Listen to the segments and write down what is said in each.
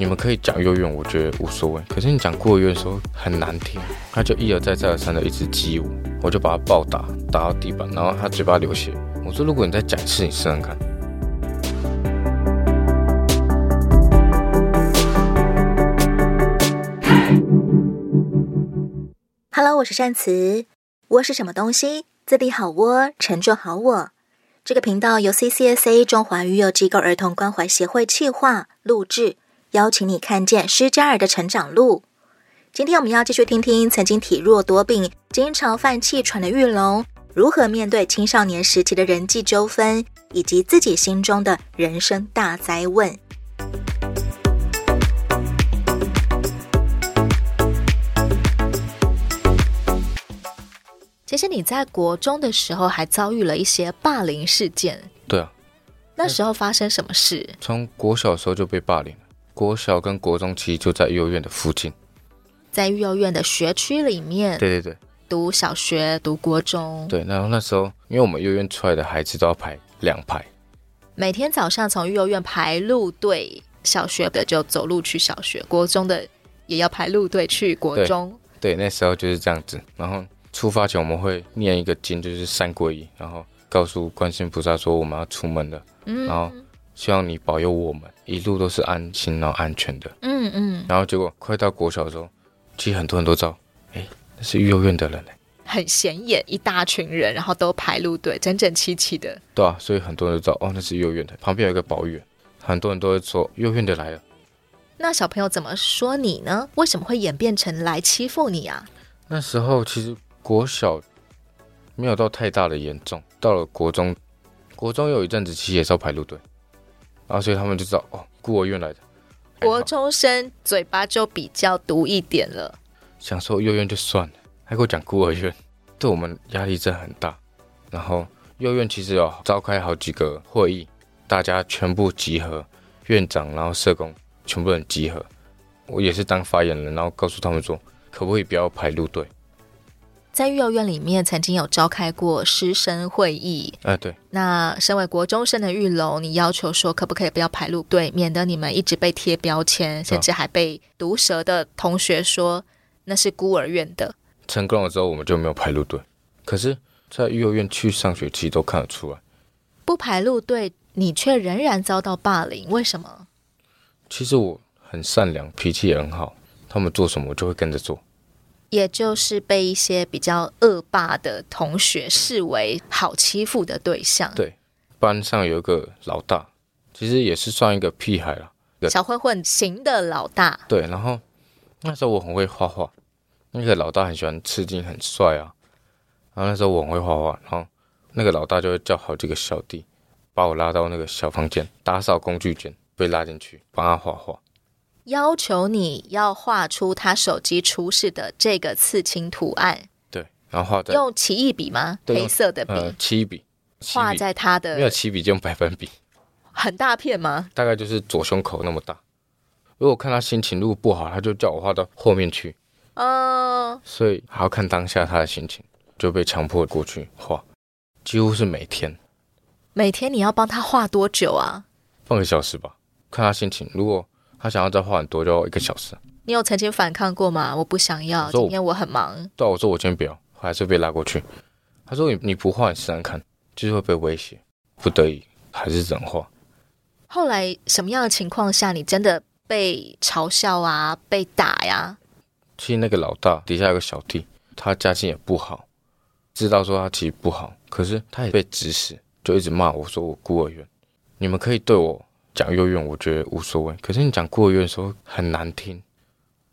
你們可以講育幼院，我覺得無所謂。可是你講孤兒院的時候很難聽，他就一而再、再而三的一直激我，我就把他暴打，打到地板，然後他嘴巴流血。我說：“如果你再講一次，你試試看。” Hello，我是善慈。窩是什麼東西？自立好窩，成就好我。這個頻道由 CCSA 中華育幼機構兒童關懷協會企劃錄製。邀請你看見失家兒的成長路。今天我們要繼續聽聽曾經體弱多病、經常犯氣喘的玉龍，如何面對青少年時期的人際糾紛，以及自己心中的人生大哉問。其實你在國中的時候還遭遇了一些霸凌事件。對啊。那時候發生什麼事？從國小時候就被霸凌了。國小跟國中其實就在育幼院的附近，在育幼院的學區裡面。對對對，讀小學、讀國中。對，然後那時候，因為我們育幼院出來的孩子都要排兩排，每天早上從育幼院排路隊，小學的就走路去小學，國中的也要排路隊去國中對。對，那時候就是這樣子。然後出發前我們會念一個經，就是三皈依，然後告訴觀音菩薩說我們要出門了。嗯。然後。希望你保佑我們一路都是安心然後安全的。嗯嗯。嗯，然後結果快到國小的時候，其實很多人都知道，哎、欸，那是育幼院的人呢，很顯眼，一大群人，然後都排路隊，整整齊齊的。對啊，所以很多人都知道，哦，那是育幼院的。旁邊有一個保育員，很多人都會說，育幼院的來了。那小朋友怎麼說你呢？為什麼會演變成來欺負你啊？那時候其實國小沒有到太大的嚴重，到了國中，國中有一陣子其實也是要排路隊。然後所以他們就知道哦，孤兒院來的國中生嘴巴就比較毒一點了。想說幼院就算了，還給我講孤兒院，對我們壓力真的很大。然後幼院其實有、哦、召開好幾個會議，大家全部集合，院長然後社工全部人集合，我也是當發言人，然後告訴他們說，可不可以不要排路隊。在育幼院裡面，曾經有召開過師生會議。哎，對。那身為國中生的玉龍，你要求說，可不可以不要排路隊，免得你們一直被貼標籤，啊，甚至還被毒舌的同學說那是孤兒院的。成功了之後，我們就沒有排路隊。可是，在育幼院去上學期都看得出來，不排路隊，你卻仍然遭到霸凌，為什麼？其實我很善良，脾氣也很好，他們做什麼，我就會跟着做。也就是被一些比較惡霸的同學視為好欺負的對象。對，班上有一個老大，其實也是算一個屁孩了，小混混型的老大。對，然後那時候我很會畫畫，那個老大很喜歡刺青，很帥啊。然後那時候我很會畫畫，然後那個老大就會叫好幾個小弟把我拉到那個小房間，打掃工具間，被拉進去幫他畫畫。要求你要畫出他手機出示的這個刺青圖案。對，然後畫在用奇異筆嗎？對黑色的筆。奇異筆，畫、呃、在他的沒有奇異筆就用百分筆，很大片嗎？大概就是左胸口那麼大。如果看他心情如果不好，他就叫我畫到後面去。嗯、uh。所以還要看當下他的心情，就被強迫過去畫，幾乎是每天。每天你要幫他畫多久啊？半個小時吧，看他心情。如果他想要再畫很多，就一個小時。你有曾經反抗過嗎？我不想要，說今天我很忙。對啊，我說我今天不要，還是被拉過去。他說你：“你你不畫，你自然看，就是會被威脅，不得已還是只能畫。”後來什麼樣的情況下，你真的被嘲笑啊，被打呀？其實那個老大底下有個小弟，他家境也不好，知道說他其實不好，可是他也被指使，就一直罵我說：“我孤兒院，你們可以對我。”講育幼院，我覺得無所謂。可是你講孤兒院的時候很難聽，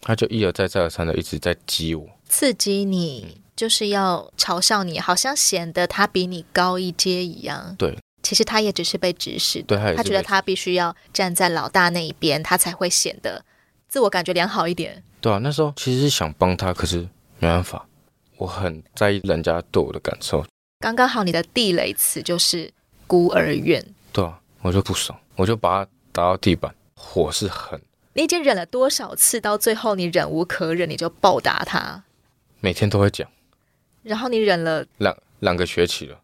他就一而再、再而三的一直在激我，刺激你，嗯、就是要嘲笑你，好像顯得他比你高一階一樣。對，其實他也只是被指使的，對，他也是被指使，他覺得他必須要站在老大那一邊，他才會顯得自我感覺良好一點。對啊，那時候其實是想幫他，可是沒辦法，我很在意人家對我的感受。剛剛好，你的地雷詞就是孤兒院。對啊，我就不爽。我就把他打到地板，火是狠。你已經忍了多少次？到最後你忍無可忍，你就暴打他。每天都會講，然後你忍了兩兩個學期了，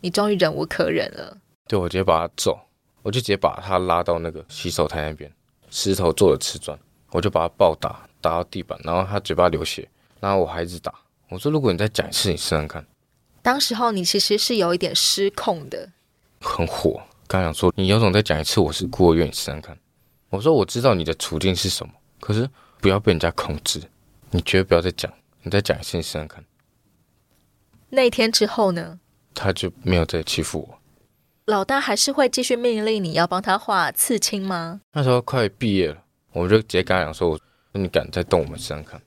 你終於忍無可忍了。對，我直接把他揍，我就直接把他拉到那個洗手台那邊，石頭做的瓷磚，我就把他暴打，打到地板，然後他嘴巴流血，然後我還一直打。我說，如果你再講一次，你試試看看。當時候你其實是有一點失控的，很火。剛想說，你有種再講一次，我是孤兒院，你試試看。我說我知道你的處境是什麼，可是不要被人家控制，你絕對不要再講，你再講一次你試試看。那天之後呢？他就沒有再欺負我。老大還是會繼續命令你要幫他畫刺青嗎？那時候快畢業了，我們就直接跟他講說：“我說你敢再動我們，試試看。”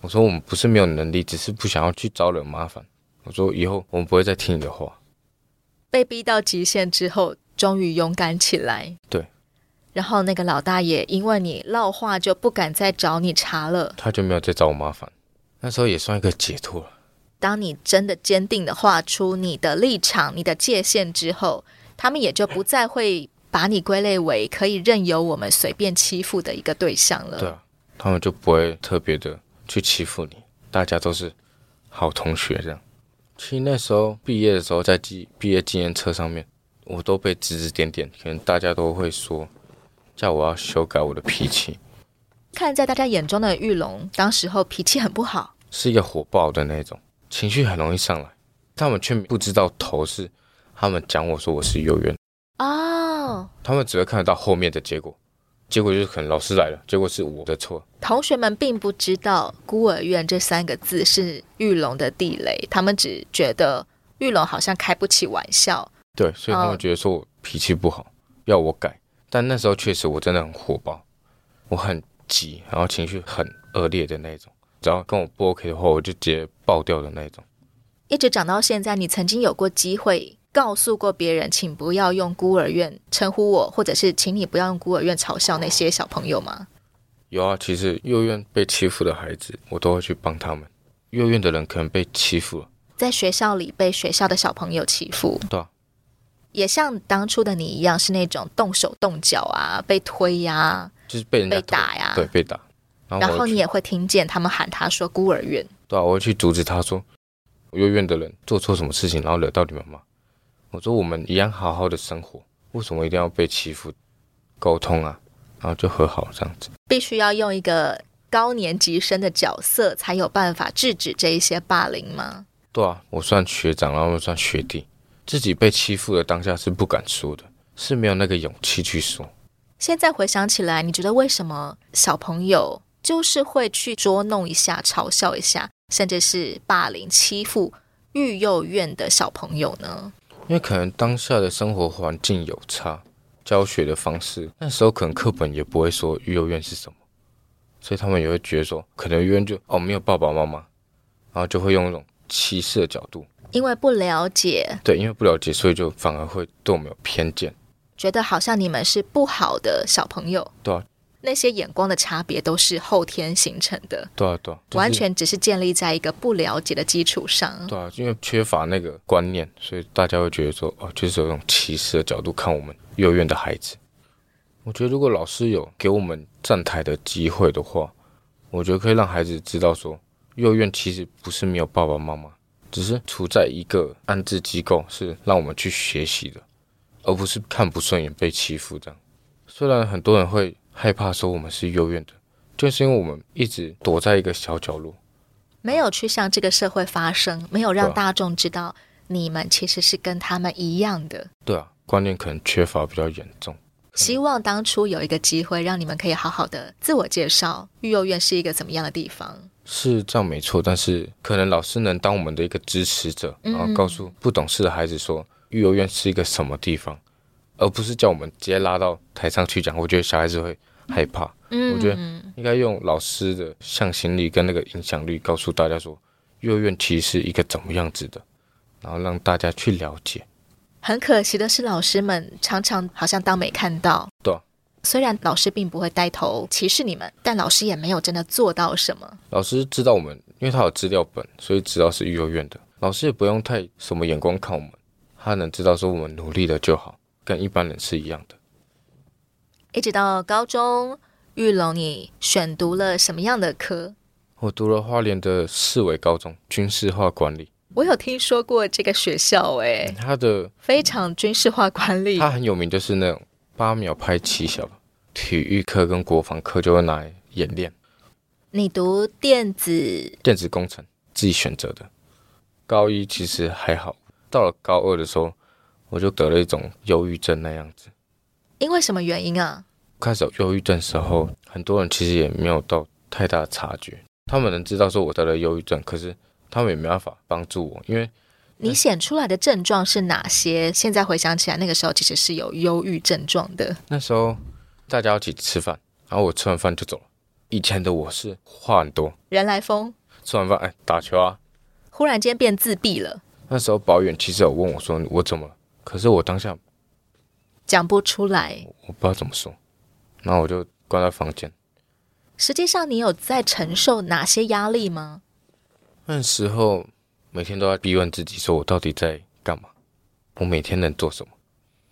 我說：“我們不是沒有能力，只是不想要去招惹麻煩。”我說：“以後我們不會再聽你的話。”被逼到極限之後，終於勇敢起來。對，然後那個老大爺因為你撂話，就不敢再找你碴了。他就沒有再找我麻煩，那時候也算一個解脫了。當你真的堅定地畫出你的立場、你的界限之後，他們也就不再會把你歸類為可以任由我們隨便欺負的一個對象了。對啊，他們就不會特別的去欺負你，大家都是好同學這樣。其實那時候畢業的時候，在畢畢業紀念冊上面，我都被指指點點，可能大家都會說，叫我要修改我的脾氣。看在大家眼中的玉龍，當時候脾氣很不好，是一個火爆的那種，情緒很容易上來，他們卻不知道頭是，他們講我說我是育幼院，哦，oh. 他們只會看得到後面的結果。結果就是，可能老師來了，結果是我的錯。同學們並不知道“孤兒院”這三個字是玉龍的地雷，他們只覺得玉龍好像開不起玩笑。對，所以他們覺得說我脾氣不好，呃、要我改。但那時候確實我真的很火爆，我很急，然後情緒很惡劣的那種。只要跟我不 OK 的話，我就直接爆掉的那種。一直講到現在，你曾經有過機會，告訴過別人，請不要用孤兒院稱呼我，或者是請你不要用孤兒院嘲笑那些小朋友嗎？有啊，其實育幼院被欺負的孩子，我都會去幫他們。育幼院的人可能被欺負了，在學校裡被學校的小朋友欺負，對啊，也像當初的你一樣，是那種動手動腳啊，被推呀、啊，就是被人家被打呀、啊，對，被打。然後，然後你也會聽見他們喊他說孤兒院，對啊，我會去阻止他說，育幼院的人做錯什麼事情，然後惹到你們嗎？我說我們一樣好好的生活，為什麼一定要被欺負？溝通啊，然後就和好這樣子。必須要用一個高年級生的角色，才有辦法制止這一些霸凌嗎？對啊，我算學長，然後算學弟，自己被欺負的當下是不敢說的，是沒有那個勇氣去說。現在回想起來，你覺得為什麼小朋友就是會去捉弄一下、嘲笑一下，甚至是霸凌欺負育幼院的小朋友呢？因為可能當下的生活環境有差，教學的方式，那時候可能課本也不會說育幼院是什麼，所以他們也會覺得說，可能育幼院就哦沒有爸爸媽媽，然後就會用一種歧視的角度，因為不了解，對，因為不了解，所以就反而會對我們有偏見，覺得好像你們是不好的小朋友，對啊。那些眼光的差別都是後天形成的，對啊，對啊，就是、完全只是建立在一個不了解的基礎上，對啊，因為缺乏那個觀念，所以大家會覺得說，哦，就是有一種歧視的角度看我們育幼院的孩子。我覺得如果老師有給我們站台的機會的話，我覺得可以讓孩子知道說，育幼院其實不是沒有爸爸媽媽，只是處在一個安置機構，是讓我們去學習的，而不是看不順眼被欺負這樣。雖然很多人會。害怕說我們是育幼院的。就是因為我們一直躲在一個小角落，沒有去向這個社會發聲，沒有讓大眾知道你們其實是跟他們一樣的。對啊，觀念可能缺乏比較嚴重。希望當初有一個機會，讓你們可以好好的自我介紹，育幼院是一個怎麼樣的地方？是這樣沒錯，但是可能老師能當我們的一個支持者，嗯嗯。然後告訴不懂事的孩子說，育幼院是一個什麼地方，而不是叫我們直接拉到台上去講。我覺得小孩子會。害怕，嗯，我覺得應該用老師的向心力跟那個影響力告訴大家說，育幼院其實是一個怎麼樣子的，然後讓大家去了解。很可惜的是，老師們常常好像當沒看到。對啊，雖然老師並不會帶頭歧視你們，但老師也沒有真的做到什麼。老師知道我們，因為他有資料本，所以知道是育幼院的。老師也不用太什麼眼光看我們，他能知道說我們努力了就好，跟一般人是一樣的。一直到高中，玉龍，你選讀了什麼樣的科？我讀了花蓮的四維高中，軍事化管理。我有聽說過這個學校、欸，哎的，它的非常軍事化管理，它很有名，就是那種八秒拍七小，體育課跟國防課就會來演練。你讀電子？電子工程，自己選擇的。高一其實還好，到了高二的時候，我就得了一種憂鬱症那樣子。因為什麼原因啊？開始有憂鬱症的時候，很多人其實也沒有到太大的察覺。他們能知道說我得了憂鬱症，可是他們也沒辦法幫助我，因為你顯出來的症狀是哪些？現在回想起來，那個時候其實是有憂鬱症狀的。那時候大家一起吃飯，然後我吃完飯就走了。以前的我是話很多，人來瘋。吃完飯哎、欸，打球啊，忽然間變自閉了。那時候保育員其實有問我說我怎麼了，可是我當下。講不出來，我不知道怎麼說，那我就關在房間。實際上，你有在承受哪些壓力嗎？那時候每天都在逼問自己，說我到底在幹嘛？我每天能做什麼？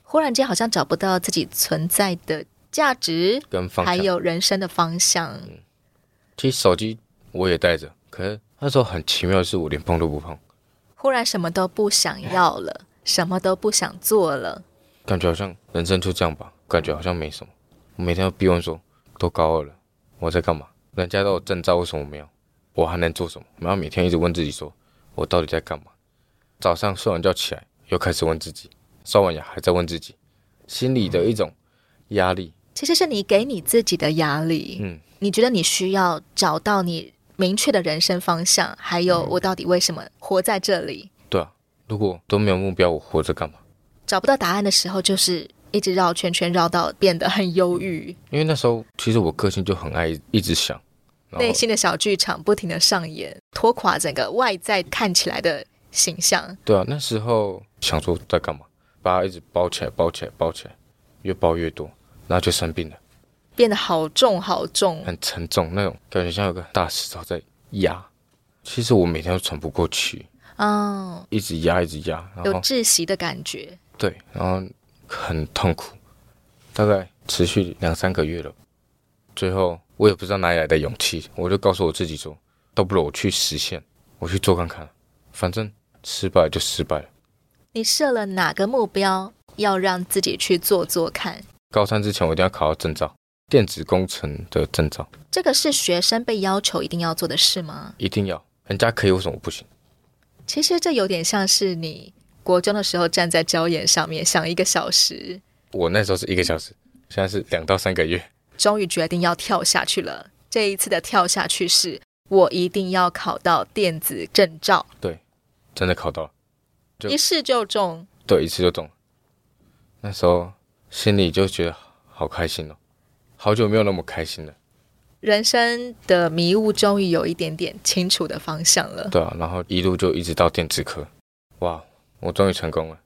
忽然間，好像找不到自己存在的價值跟方向，還有人生的方向。嗯，其實手機我也帶着，可是那時候很奇妙的是，我連碰都不碰。忽然什麼都不想要了， 什麼都不想做了。感覺好像人生就這樣吧，感覺好像沒什麼。我每天要逼問說，都高二了，我在幹嘛？人家都有證照，為什麼沒有？我還能做什麼？然後每天一直問自己說，我到底在幹嘛？早上睡完覺起來又開始問自己，刷完牙還在問自己，心裡的一種壓力，其實是你給你自己的壓力。嗯，你覺得你需要找到你明確的人生方向，還有我到底為什麼活在這裡？嗯、對啊，如果都沒有目標，我活着幹嘛？找不到答案的時候，就是一直繞圈圈，繞到變得很憂鬱。因為那時候，其實我個性就很愛一直想，內心的小劇場不停的上演，拖垮整個外在看起來的形象。對啊，那時候想說在幹嘛，把它一直包起來，包起來，包起來，越包越多，然後就生病了，變得好重，好重，很沉重那種，感覺像有個大石頭在壓。其實我每天都喘不過氣，哦，oh, 一直壓，一直壓，有窒息的感覺。對，然後很痛苦，大概持續兩三個月了。最後我也不知道哪裡來的勇氣，我就告訴我自己說，倒不如我去實現，我去做看看，反正失敗就失敗了。你設了哪個目標要讓自己去做做看？高三之前我一定要考到證照，電子工程的證照。這個是學生被要求一定要做的事嗎？一定要，人家可以，為什麼不行？其實這有點像是你。國中的時候站在礁岩上面想一個小時，我那時候是一個小時，現在是兩到三個月。終於決定要跳下去了。這一次的跳下去是，我一定要考到電子證照。對，真的考到了，一試就中。對，一次就中。那時候心裡就覺得好開心哦，好久沒有那麽開心了。人生的迷霧終於有一點點清楚的方向了。對啊，然後一路就一直到電子科。哇。我終於成功了，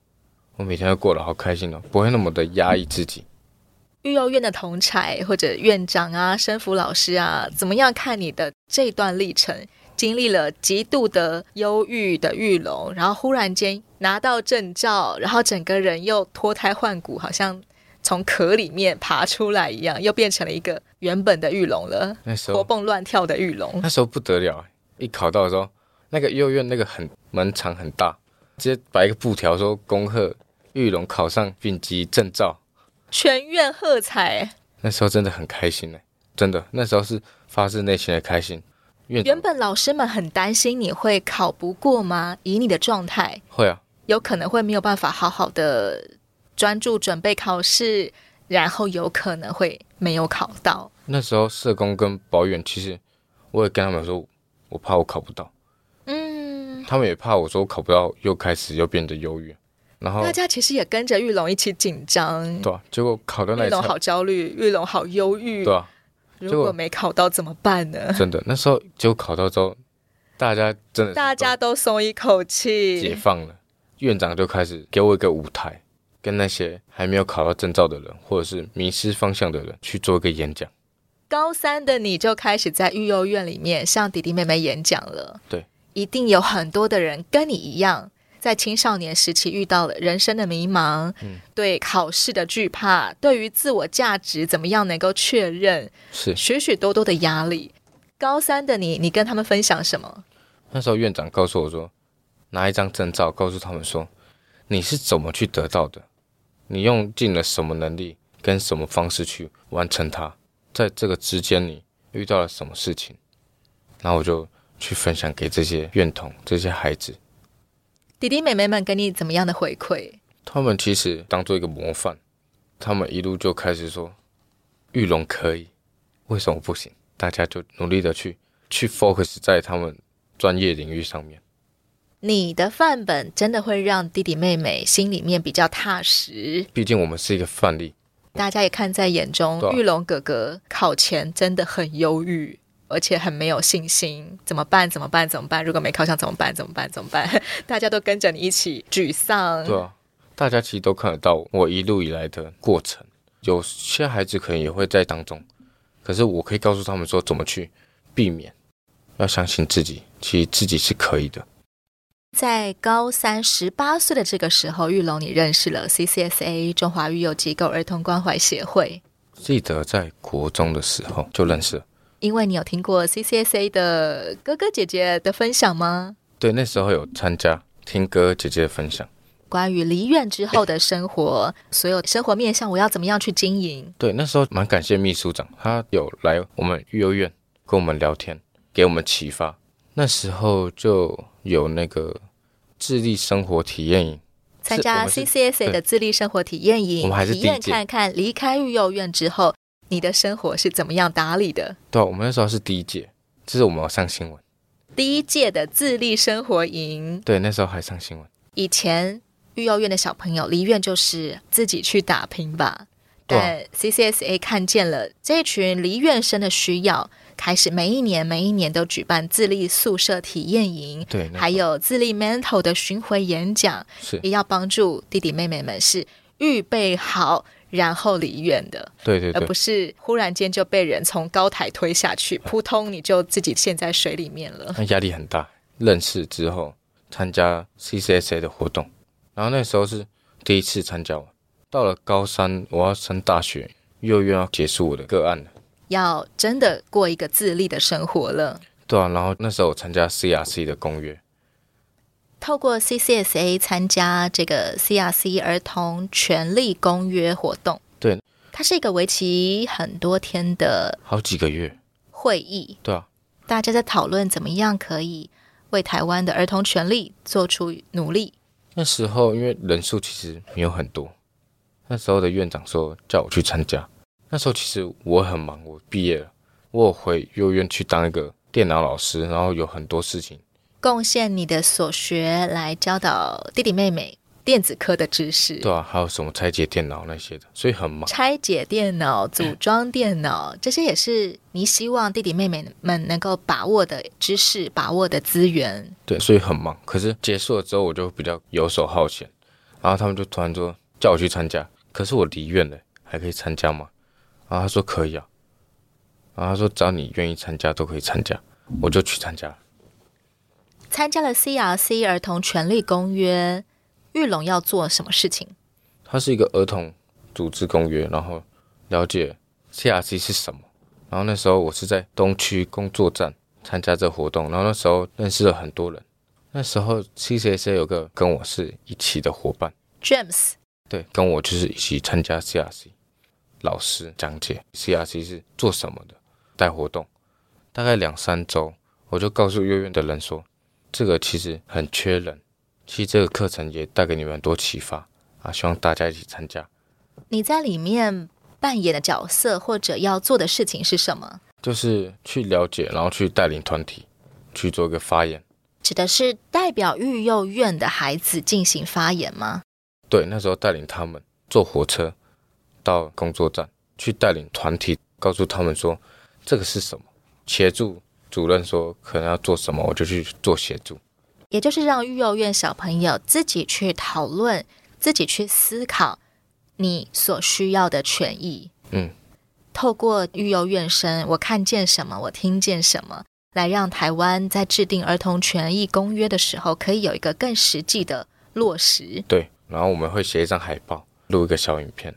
我每天都過得好開心哦，不會那麼的壓抑自己。育幼院的同儕或者院長啊、生輔老師啊，怎麼樣看你的這段歷程？經歷了極度的憂鬱的玉龍，然後忽然間拿到證照，然後整個人又脫胎換骨，好像從殼裡面爬出來一樣，又變成了一個原本的玉龍了，那時候活蹦亂跳的玉龍。那時候不得了，一考到的時候，那個育幼院那個很門場很大，直接擺一個布條，說恭賀玉龍考上丙級證照，全院喝彩。那時候真的很開心哎、欸，真的，那時候是發自內心的開心。原本老師們很擔心你會考不過嗎？以你的狀態，會啊，有可能會沒有辦法好好的專注準備考試，然後有可能會沒有考到。那時候社工跟保育員，其實我也跟他們說，我怕我考不到。他們也怕我說我考不到，又開始又變得憂鬱。然後大家其實也跟着玉龍一起緊張。對啊，結果考到那玉龍好焦慮，玉龍好憂鬱。對啊，如果，結果沒考到怎麼辦呢？真的，那時候結果考到之後，大家真的大家都鬆一口氣，解放了。院長就開始給我一個舞台，跟那些還沒有考到證照的人，或者是迷失方向的人去做一個演講。高三的你就開始在育幼院裡面向弟弟妹妹演講了。對。一定有很多的人跟你一樣，在青少年時期遇到了人生的迷茫，嗯、對考試的懼怕，對於自我價值怎麼樣能夠確認，是許許多多的壓力。高三的你，你跟他們分享什麼？那時候院長告訴我說，拿一張證照，告訴他們說你是怎麼去得到的，你用盡了什麼能力跟什麼方式去完成它，在這個之間你遇到了什麼事情？然後我就。去分享給這些院童、這些孩子，弟弟妹妹們給你怎麼樣的回饋？他們其實當做一個模範，他們一路就開始說：“玉龍可以，為什麼不行？”大家就努力的去去 focus 在他們專業領域上面。你的範本真的會讓弟弟妹妹心裡面比較踏實，畢竟我們是一個範例，大家也看在眼中。啊、玉龍哥哥考前真的很憂鬱。而且很沒有信心，怎麼辦？怎麼辦？怎麼辦？如果沒考上怎麼辦？怎麼辦？怎麼辦？大家都跟着你一起沮喪。對啊，大家其實都看得到我，我一路以來的過程。有些孩子可能也會在當中，可是我可以告訴他們說，怎麼去避免，要相信自己，其實自己是可以的。在高三十八歲的這個時候，玉龍，你認識了 CCSA 中華育幼機構兒童關懷協會。記得在國中的時候就認識了。因為你有聽過 CCSA 的哥哥姐姐的分享嗎？對，那時候有參加聽哥哥姐姐的分享，關於離院之後的生活，欸、所有生活面向，我要怎麼樣去經營？對，那時候蠻感謝秘書長，他有來我們育幼院跟我們聊天，給我們啟發。那時候就有那個自立生活體驗營，參加 CCSA 的自立生活體驗營，我們還是體驗看看離開育幼院之後。嗯你的生活是怎麼樣打理的？對、啊，我們那時候是第一屆，這是我們要上新聞第一屆的自立生活營。對，那時候還上新聞。以前育幼院的小朋友離院就是自己去打拼吧。對。CCSA 看見了這群離院生的需要，開始每一年每一年都舉辦自立宿舍體驗營。對。那個、還有自立 Mentor 的巡迴演講，是也要幫助弟弟妹妹們是預備好。然後離院的，對對對，而不是忽然間就被人從高台推下去，撲通你就自己陷在水裡面了。那、啊、壓力很大。認識之後，參加 CCSA 的活動，然後那時候是第一次參加我。到了高三，我要升大學，育幼院要結束我的個案了，要真的過一個自立的生活了。對啊，然後那時候我參加 CRC 的公約。透過 CCSA 參加這個 CRC 兒童權利公約活動，對，它是一個為期很多天的，好幾個月會議，對啊，大家在討論怎麼樣可以為台灣的兒童權利做出努力。那時候因為人數其實沒有很多，那時候的院長說叫我去參加，那時候其實我很忙，我畢業了，我回育幼院去當一個電腦老師，然後有很多事情。貢獻你的所學來教導弟弟妹妹電子科的知識，對啊，還有什麼拆解電腦那些的，所以很忙。拆解電腦、組裝電腦，嗯、這些也是你希望弟弟妹妹們能夠把握的知識、把握的資源。對，所以很忙。可是結束了之後，我就比較遊手好閒。然後他們就突然說叫我去參加，可是我離院了，還可以參加嗎？然後他說可以啊，然後他說只要你願意參加都可以參加，我就去參加了。參加了 CRC 兒童權利公約，玉龍要做什麼事情？它是一個兒童組織公約，然後了解 CRC 是什麼。然後那時候我是在東區工作站參加這活動，然後那時候認識了很多人。那時候 CCC 有個跟我是一起的夥伴 James，對，跟我就是一起參加 CRC，老師講解 CRC 是做什麼的，帶活動，大概兩三週，我就告訴院院的人說。這個其實很缺人，其實這個課程也帶給你們很多啟發啊！希望大家一起參加。你在裡面扮演的角色或者要做的事情是什麼？就是去了解，然後去帶領團體去做一個發言。指的是代表育幼院的孩子進行發言嗎？對，那時候帶領他們坐火車到工作站，去帶領團體，告訴他們說這個是什麼，協助。主任說可能要做什麼，我就去做協助，也就是讓育幼院小朋友自己去討論，自己去思考你所需要的權益。嗯，透過育幼院生，我看見什麼，我聽見什麼，來讓台灣在制定兒童權益公約的時候，可以有一個更實際的落實。對，然後我們會寫一張海報，錄一個小影片。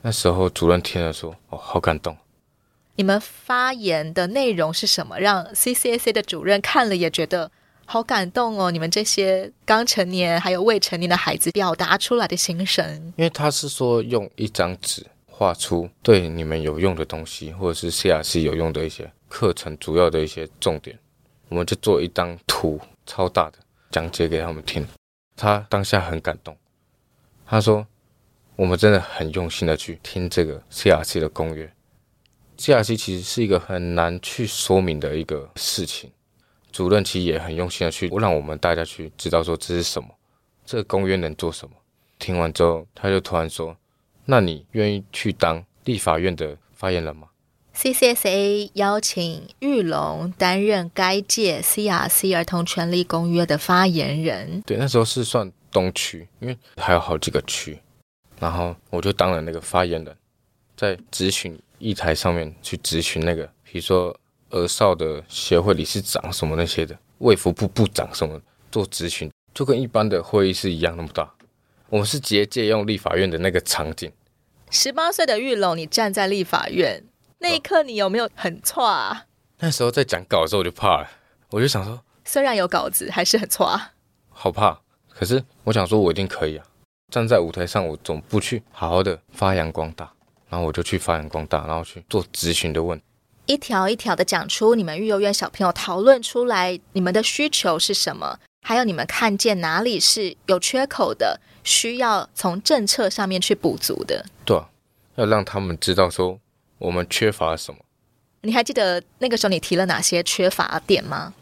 那時候主任聽了說：“哦，好感動。”你們發言的內容是什麼？讓 CCSA 的主任看了也覺得好感動哦！你們這些剛成年還有未成年的孩子表達出來的心聲。因為他是說用一張紙畫出對你們有用的東西，或者是 CRC 有用的一些課程主要的一些重點，我們就做一張圖超大的講解給他們聽。他當下很感動，他說我們真的很用心的去聽這個 CRC 的公約。CRC 其實是一個很難去說明的一個事情，主任其實也很用心的去不讓我們大家去知道說這是什麼，這個公約能做什麼。聽完之後，他就突然說：“那你願意去當立法院的發言人嗎？”CCSA 邀請玉龍擔任該屆 CRC 兒童權利公約的發言人。對，那時候是算東區，因為還有好幾個區，然後我就當了那個發言人，在質詢你。一台上面去質詢那個，比如說兒少的協會理事長什麼那些的，衛福部部長什麼做質詢，就跟一般的會議室一樣那麼大。我們是直接借用立法院的那個場景。十八歲的玉龍，你站在立法院那一刻，你有沒有很挫啊？Oh, 那時候在講稿的時候我就怕了，我就想說，雖然有稿子，還是很挫啊，好怕，可是我想說我一定可以啊！站在舞台上，我總不去好好的發揚光大。然後我就去發揚光大，然後去做質詢的問，一條一條的講出你們育幼院小朋友討論出來你們的需求是什麼，還有你們看見哪裡是有缺口的，需要從政策上面去補足的。對啊，要讓他們知道說我們缺乏什麼。你還記得那個時候你提了哪些缺乏點嗎？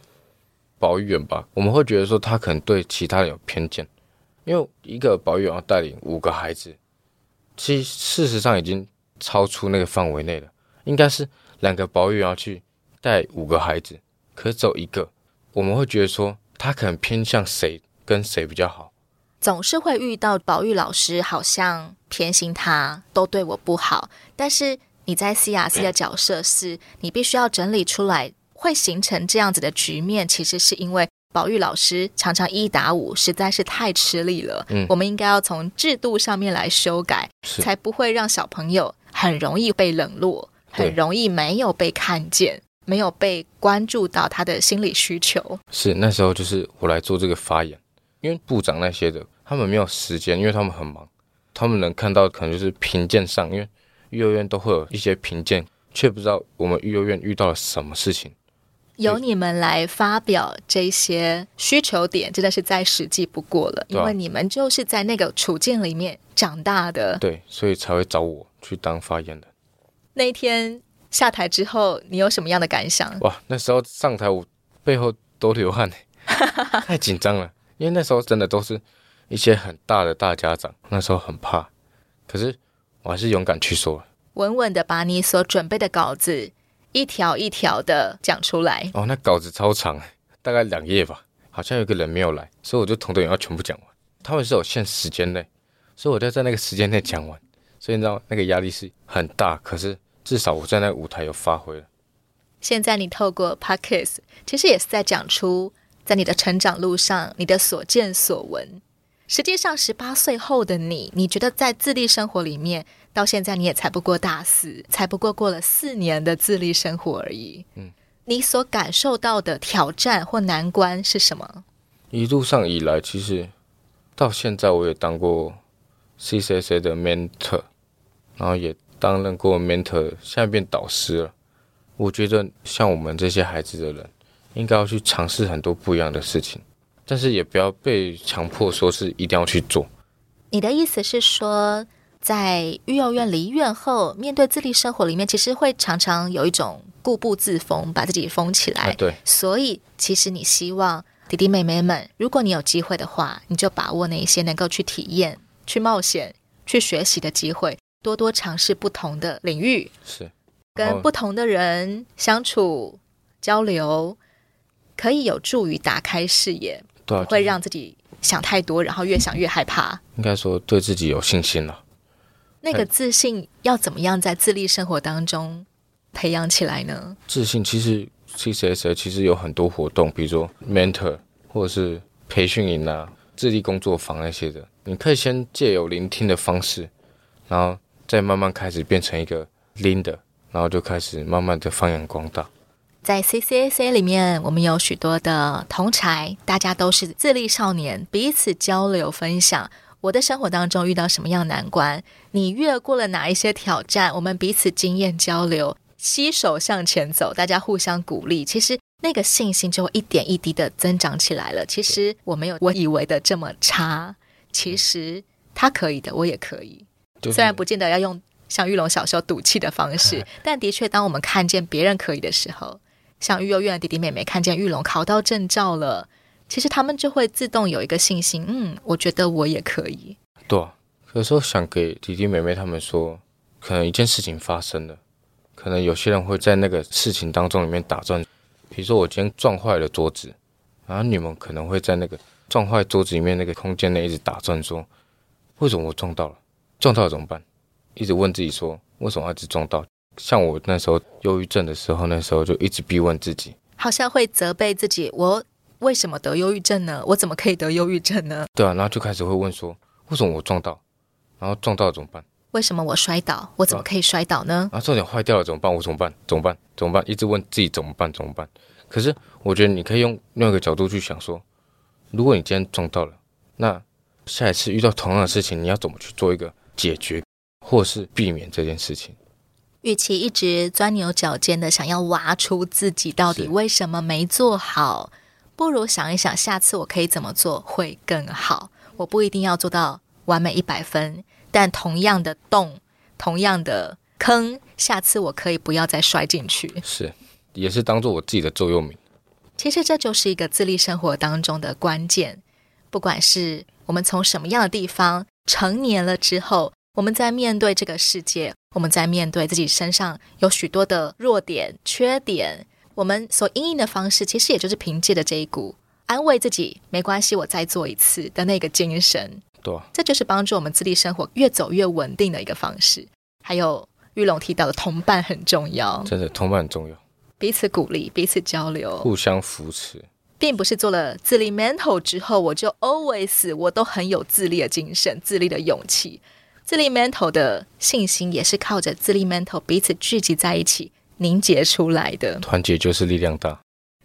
保育員吧，我們會覺得說他可能對其他人有偏見，因為一個保育員要帶領五個孩子，其實事實上已經。超出那個範圍內的，應該是兩個保育員要去帶五個孩子，可走一個。我們會覺得說，他可能偏向誰跟誰比較好，總是會遇到保育老師好像偏心他，都對我不好。但是你在 CRC 的角色是你必須要整理出來，會形成這樣子的局面，其實是因為保育老師常常一打五實在是太吃力了。嗯，我們應該要從制度上面來修改，是才不會讓小朋友很容易被冷落，很容易沒有被看見，對沒有被關注到他的心理需求。是那時候，就是我來做這個發言，因為部長那些的他們沒有時間，因為他們很忙，他們能看到的可能就是評鑑上，因為育幼院都會有一些評鑑，卻不知道我們育幼院遇到了什麼事情。由你們來發表這些需求點，真的是再實際不過了，啊、因為你們就是在那個處境裡面長大的，對，所以才會找我。去當發言的那一天下台之後，你有什麼樣的感想？哇，那時候上台我背後都流汗， 太緊張了。因為那時候真的都是一些很大的大家長，那時候很怕，可是我還是勇敢去說，穩穩的把你所準備的稿子一條一條的講出來。哦，那稿子超長，大概兩頁吧，好像有個人沒有來，所以我就同等要全部講完。他們是有限時間內，所以我就要在那個時間內講完。嗯所以你知道那個壓力是很大，可是至少我站在那個舞台有發揮了。現在你透過 podcast，其實也是在講出在你的成長路上你的所見所聞。實際上十八歲後的你，你覺得在自立生活裡面，到現在你也才不過大四，才不過過了四年的自立生活而已。嗯，你所感受到的挑戰或難關是什麼？一路上以來，其實到現在我也當過 CCC 的 mentor。然後也擔任過 mentor，現在變導師了、啊。我覺得像我們這些孩子的人，應該要去嘗試很多不一樣的事情，但是也不要被強迫說是一定要去做。你的意思是說，在育幼院離院後，面對自立生活裡面，其實會常常有一種固步自封，把自己封起來。啊、對，所以其實你希望弟弟妹妹們，如果你有機會的話，你就把握那一些能夠去體驗、去冒險、去學習的機會。多多嘗試不同的領域，是跟不同的人相處交流，可以有助於打開視野。對啊、不會讓自己想太多，然後越想越害怕。應該說對自己有信心了。那個自信要怎麼樣在自立生活當中培養起來呢？自信其實 CCSA 其實有很多活動，比如說 mentor 或者是培訓營啊、自立工作坊那些的，你可以先借由聆聽的方式，然後。在慢慢開始變成一個 leader 然後就開始慢慢的發揚光大。在 CCSA 裡面，我們有許多的同儕，大家都是自立少年，彼此交流分享。我的生活當中遇到什麼樣難關，你越過了哪一些挑戰，我們彼此經驗交流，攜手向前走，大家互相鼓勵。其實那個信心就會一點一滴的增長起來了。其實我沒有我以為的這麼差，其實他可以的，我也可以。雖然不見得要用像玉龍小時候賭氣的方式，唉唉但的確，當我們看見別人可以的時候，像育幼院的弟弟妹妹看見玉龍考到證照了，其實他們就會自動有一個信心。嗯，我覺得我也可以。對、啊，可是我想給弟弟妹妹他們說，可能一件事情發生了，可能有些人會在那個事情當中裡面打轉。比如說我今天撞壞了桌子，然後你們可能會在那個撞壞桌子裡面那個空間內一直打轉，說為什麼我撞到了？撞到了怎麼辦？一直問自己說，為什麼要一直撞到？像我那時候憂鬱症的時候，那時候就一直逼問自己，好像會責備自己，我為什麼得憂鬱症呢？我怎麼可以得憂鬱症呢？對啊，然後就開始會問說，為什麼我撞到？然後撞到了怎麼辦？為什麼我摔倒？我怎麼可以摔倒呢？啊，重點壞掉了怎麼辦？我怎麼辦？怎麼辦？怎麼辦？一直問自己怎麼辦？怎麼辦？可是我覺得你可以用另外一個角度去想說，如果你今天撞到了，那下一次遇到同樣的事情，嗯，你要怎麼去做一個？解決，或是避免這件事情。與其一直鑽牛角尖的想要挖出自己到底為什麼沒做好，是不如想一想下次我可以怎麼做會更好。我不一定要做到完美一百分，但同樣的洞、同樣的坑，下次我可以不要再摔進去。是，也是當做我自己的座右銘。其實這就是一個自立生活當中的關鍵，不管是我們從什麼樣的地方。成年了之後，我們在面對這個世界，我們在面對自己身上有許多的弱點、缺點，我們所因應的方式，其實也就是憑借着這一股安慰自己“沒關係，我再做一次”的那個精神。對啊，這就是幫助我們自立生活越走越穩定的一個方式。還有玉龍提到的同伴很重要，真的，同伴很重要，彼此鼓勵，彼此交流，互相扶持。並不是做了自立 mental 之後，我就 always 我都很有自立的精神、自立的勇氣、自立 mental 的信心，也是靠着自立 mental 彼此聚集在一起凝結出來的。團結就是力量大。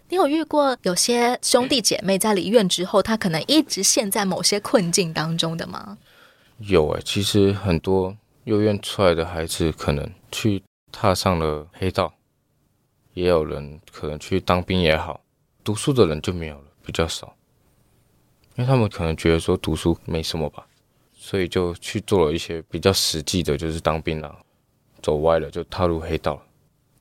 你有遇過有些兄弟姐妹在離院之後， 他可能一直陷在某些困境當中的嗎？有哎、欸，其實很多育幼院出來的孩子，可能去踏上了黑道，也有人可能去當兵也好。讀書的人就沒有了，比較少，因為他們可能覺得說讀書沒什麼吧，所以就去做了一些比較實際的，就是當兵了啊，走歪了就踏入黑道了，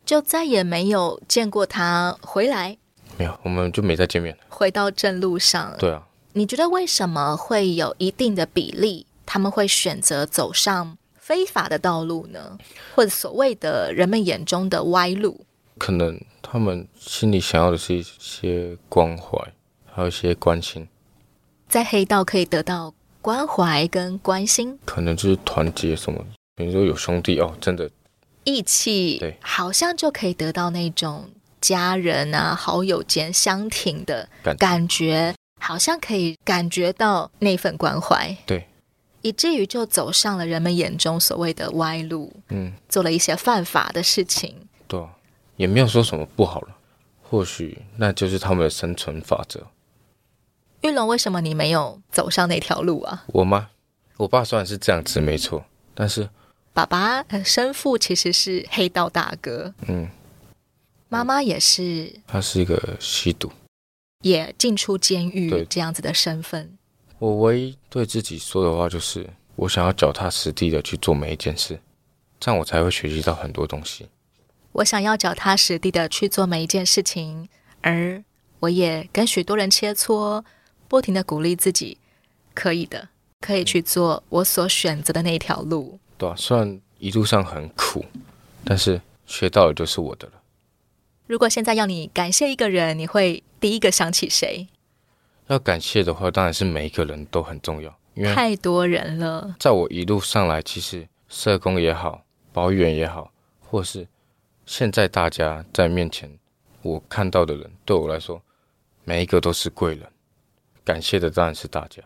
就再也沒有見過他回來。沒有，我們就沒再見面了。回到正路上。對啊。你覺得為什麼會有一定的比例，他們會選擇走上非法的道路呢？或者所謂的人們眼中的歪路？可能他們心裡想要的是一些關懷，還有一些關心。在黑道可以得到關懷跟關心，可能就是團結什麼。比如說有兄弟哦，真的義氣，對，好像就可以得到那種家人啊、好友間相挺的感覺，感覺好像可以感覺到那份關懷，對，以至於就走上了人們眼中所謂的歪路，嗯，做了一些犯法的事情，對啊。也沒有說什麼不好了，或許那就是他們的生存法則。玉龍，為什麼你沒有走上那條路啊？我媽我爸雖然是這樣子，嗯、沒錯，但是爸爸的生父其實是黑道大哥。嗯，媽媽也是，他是一個吸毒，也進出監獄，對這樣子的身份。我唯一對自己說的話就是，我想要腳踏實地的去做每一件事，這樣我才會學習到很多東西。我想要腳踏實地的去做每一件事情，而我也跟許多人切磋，不停的鼓勵自己，可以的，可以去做我所選擇的那一條路。對啊，雖然一路上很苦，但是學到的就是我的了。如果現在要你感謝一個人，你會第一個想起誰？要感謝的話，當然是每一個人都很重要，因為太多人了。在我一路上來，其實社工也好，保育員也好，或是。現在大家在面前，我看到的人對我來說，每一個都是貴人。感謝的當然是大家。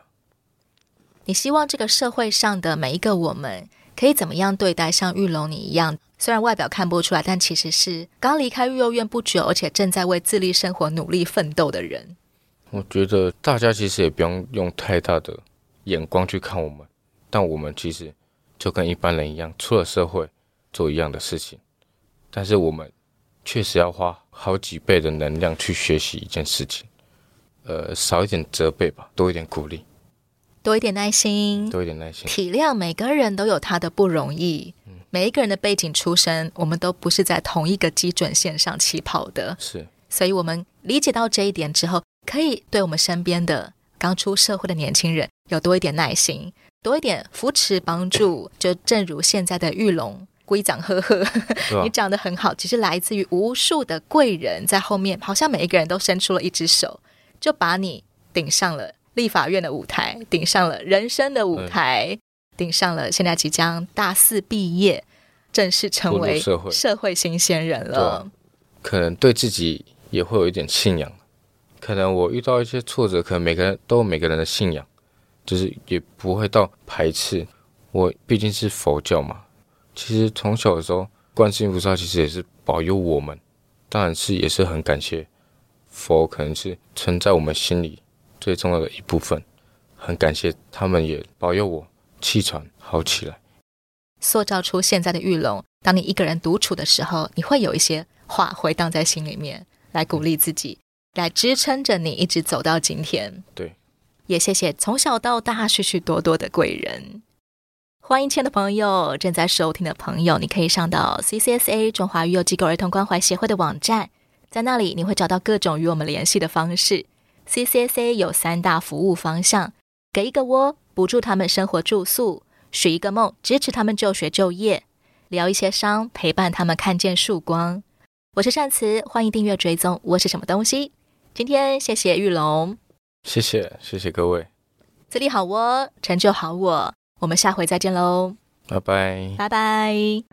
你希望這個社會上的每一個我們，可以怎麼樣對待像玉龍你一樣？雖然外表看不出來，但其實是剛離開育幼院不久，而且正在為自立生活努力奮鬥的人。我覺得大家其實也不用用太大的眼光去看我們，但我們其實就跟一般人一樣，出了社會做一樣的事情。但是我們確實要花好幾倍的能量去學習一件事情，呃，少一點責備吧，多一點鼓勵，多一點耐心，多一點耐心，體諒每個人都有他的不容易，嗯、每一個人的背景出身，我們都不是在同一個基準線上起跑的，是，所以我們理解到這一點之後，可以對我們身邊的剛出社會的年輕人有多一點耐心，多一點扶持幫助， 就正如現在的玉龍。歸講呵呵，你講的很好，啊、其實來自於無數的貴人在後面，好像每一個人都伸出了一隻手，就把你頂上了立法院的舞台，頂上了人生的舞台，嗯、頂上了現在即將大四畢業，正式成為社會、啊、社會新鮮人了、啊。可能對自己也會有一點信仰，可能我遇到一些挫折，可能每個人都有每個人的信仰，就是也不會到排斥。我畢竟是佛教嘛。其實從小的時候，觀世音菩薩其實也是保佑我們，當然是也是很感謝佛，可能是存在我們心裡最重要的一部分，很感謝他們也保佑我氣喘好起來。塑造出現在的玉龍，當你一個人獨處的時候，你會有一些話回盪在心裡面，來鼓勵自己，來支撐着你一直走到今天。對，也謝謝從小到大許許多多的貴人。歡迎親愛的朋友，正在收聽的朋友，你可以上到 CCSA 中華育幼機構兒童關懷協會的網站，在那裡你會找到各種與我們聯繫的方式。CCSA 有三大服務方向：給一個窩，補助他們生活住宿；許一個夢，支持他們就學就業；療一些傷，陪伴他們看見曙光。我是善慈，歡迎訂閱追蹤我是什麼東西。今天謝謝玉龍，謝謝謝謝各位，自立好窩，成就好我。我們下回再見嘍！拜拜！拜拜！